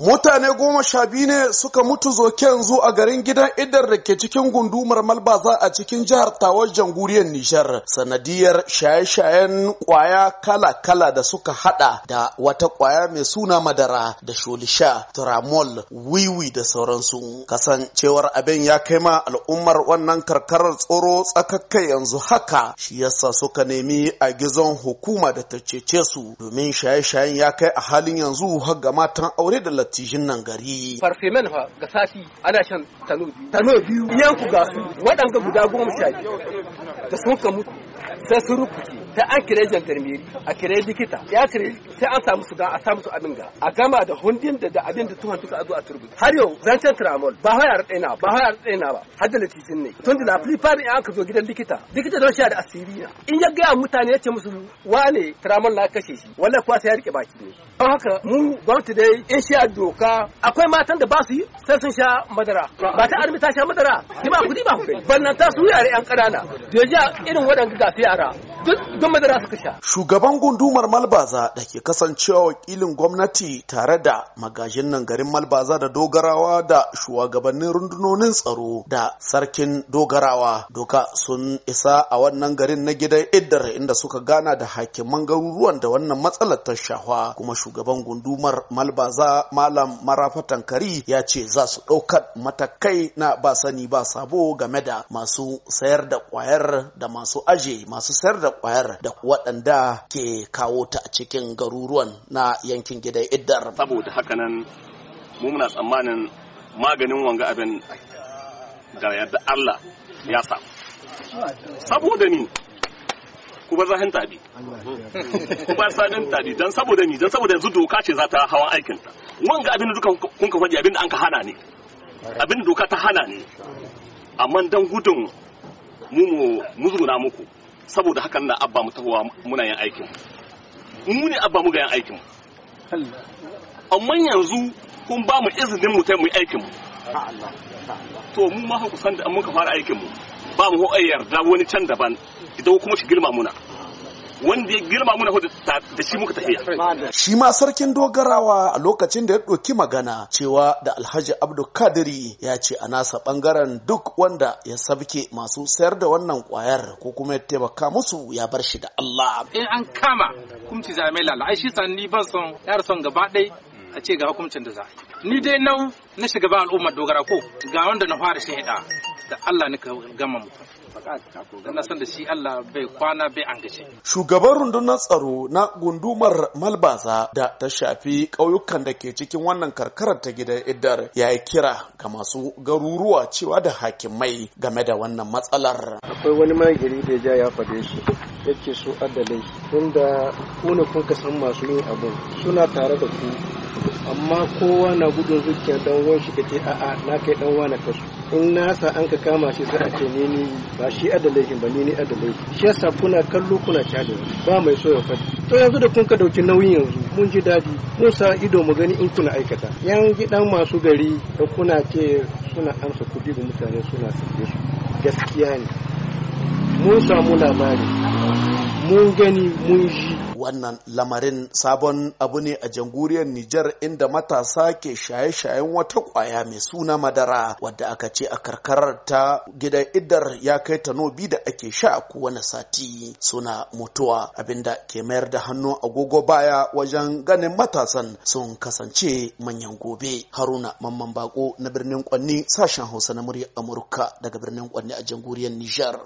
mutane goma sha biyu ne suka mutu zoke yanzu a garin gidan idar da ke cikin gundumar malbaza a cikin jihar tawar jamhuriyar nishar sanadiyar shaye-shayen kwaya kala-kala da suka hada da wata kwaya mai suna madara da sholisha tramol wiwi da sauransu kasancewar abin ya kai ma al'ummar wannan karkarar tsoro tsakakkai yanzu haka shi yasa suka nemi a gizon hukuma da ta cece su domin shaye-shayen ya kai a halin yanzu har ga matan aure da dattijan nan gari farfemen fa ga sati ana shan tano biyu tano biyu yanku ga waɗanga guda goma sha biyu da sun ka mutu ta su ta sai an kire jandarmeri a kire likita ya kire sai an samu su a samu su abin ga a gama da hundin da da abin da tuhan duka a zo a turbi har yau zancen tramol ba haya radaina ba haya radaina ba har da latitin ne tun da la flipar in aka zo gidan likita likita don shi da asiri na in ya gaya mutane ya ce musu wane tramol na kashe shi wallahi kuwa sai ya rike baki ne don haka mu gwamnati dai in sha doka akwai matan da ba su yi sai sun sha madara ba ta armi ta sha madara ki ba kudi ba ku ban nan ta su yare yan ƙanana da ya irin waɗanda shafi yara madara suka sha. Shugaban gundumar Malbaza da ke kasancewa wakilin gwamnati tare da magajin nan garin Malbaza da dogarawa da shugabannin rundunonin tsaro da sarkin dogarawa doka sun isa a wannan garin na gidan Iddar inda suka gana da hakiman garuruwan da wannan matsalar ta shahwa kuma shugaban gundumar Malbaza Malam Marafatan Kari ya ce za su ɗaukar matakai na ba sani ba sabo game da masu sayar da kwayar da masu aje masu sayar da kwayar da waɗanda ke kawo ta a cikin garuruwan na yankin gidan iddar saboda haka nan mu muna tsammanin maganin wanga abin da yadda Allah ya sa saboda ni kuma zahin tabi kuma sanin tabi dan saboda ni dan saboda yanzu doka ce za ta aikin ta. wanga abin da kun ka faɗi abin da an ka hana ne abin doka ta hana ne amma dan gudun mu muzguna muku saboda hakan na abba mu tahowa muna yin aikin mu ne abba mu ga yin aikin amma yanzu kun ba mu izinin mu mu yi aikin mu to mu ma ku san da an muka fara aikin mu ba mu ho yarda wani can daban idan kuma shi girma muna wanda ya girma muna da shi muka tafiya shi ma sarkin dogarawa a lokacin da ya ɗauki magana cewa da alhaji abdu kadiri ya ce a nasa bangaren duk wanda ya sabke masu sayar da wannan kwayar ko kuma ya taimaka musu ya bar shi da allah in an kama kumci za mai lalata, ai shi ni ban son yar son gaba ɗai a ce ga hukuncin da za a yi ni dai nau na ba al'ummar dogara ko ga wanda na fara shahida da Allah ne ka gama mutum na san da shi Allah bai kwana bai an gace shugaban rundunar tsaro na gundumar Malbaza da ta shafi ƙauyukan da ke cikin wannan karkarar ta gidan Iddar ya yi kira ga masu garuruwa cewa da hakimai game da wannan matsalar akwai wani magiri da ja ya fade shi yake so adalai tunda kuna kun san masu yin abu suna tare da ku amma kowa na gudun zuciya dan wani shi ce a'a na kai dan wani kasu in nasa an ka kama shi sai a ce ni ni ba shi adalaihin ba ni ni adalaihin shi yasa kuna kallo kuna kyale ba mai so ya faɗi to yanzu da kun ka dauki nauyin yanzu mun ji daɗi mun sa ido mu gani in kuna aikata yan gidan masu gari da kuna ce suna amsa kudi ga mutane suna sake su gaskiya ne mun samu labari mun gani mun ji wannan lamarin sabon abu ne a janguriyar Nijar inda matasa ke shaye-shayen wata kwaya mai suna madara wadda aka ce a karkarar ta gidan idar ya kai tanobi da ake sha a kowane sati suna mutuwa abinda ke mayar da hannu agogo baya wajen ganin matasan sun kasance manyan gobe haruna mamman bako na birnin kwanni sashen hausa na murya amurka daga birnin kwanni a janguriyar Nijar.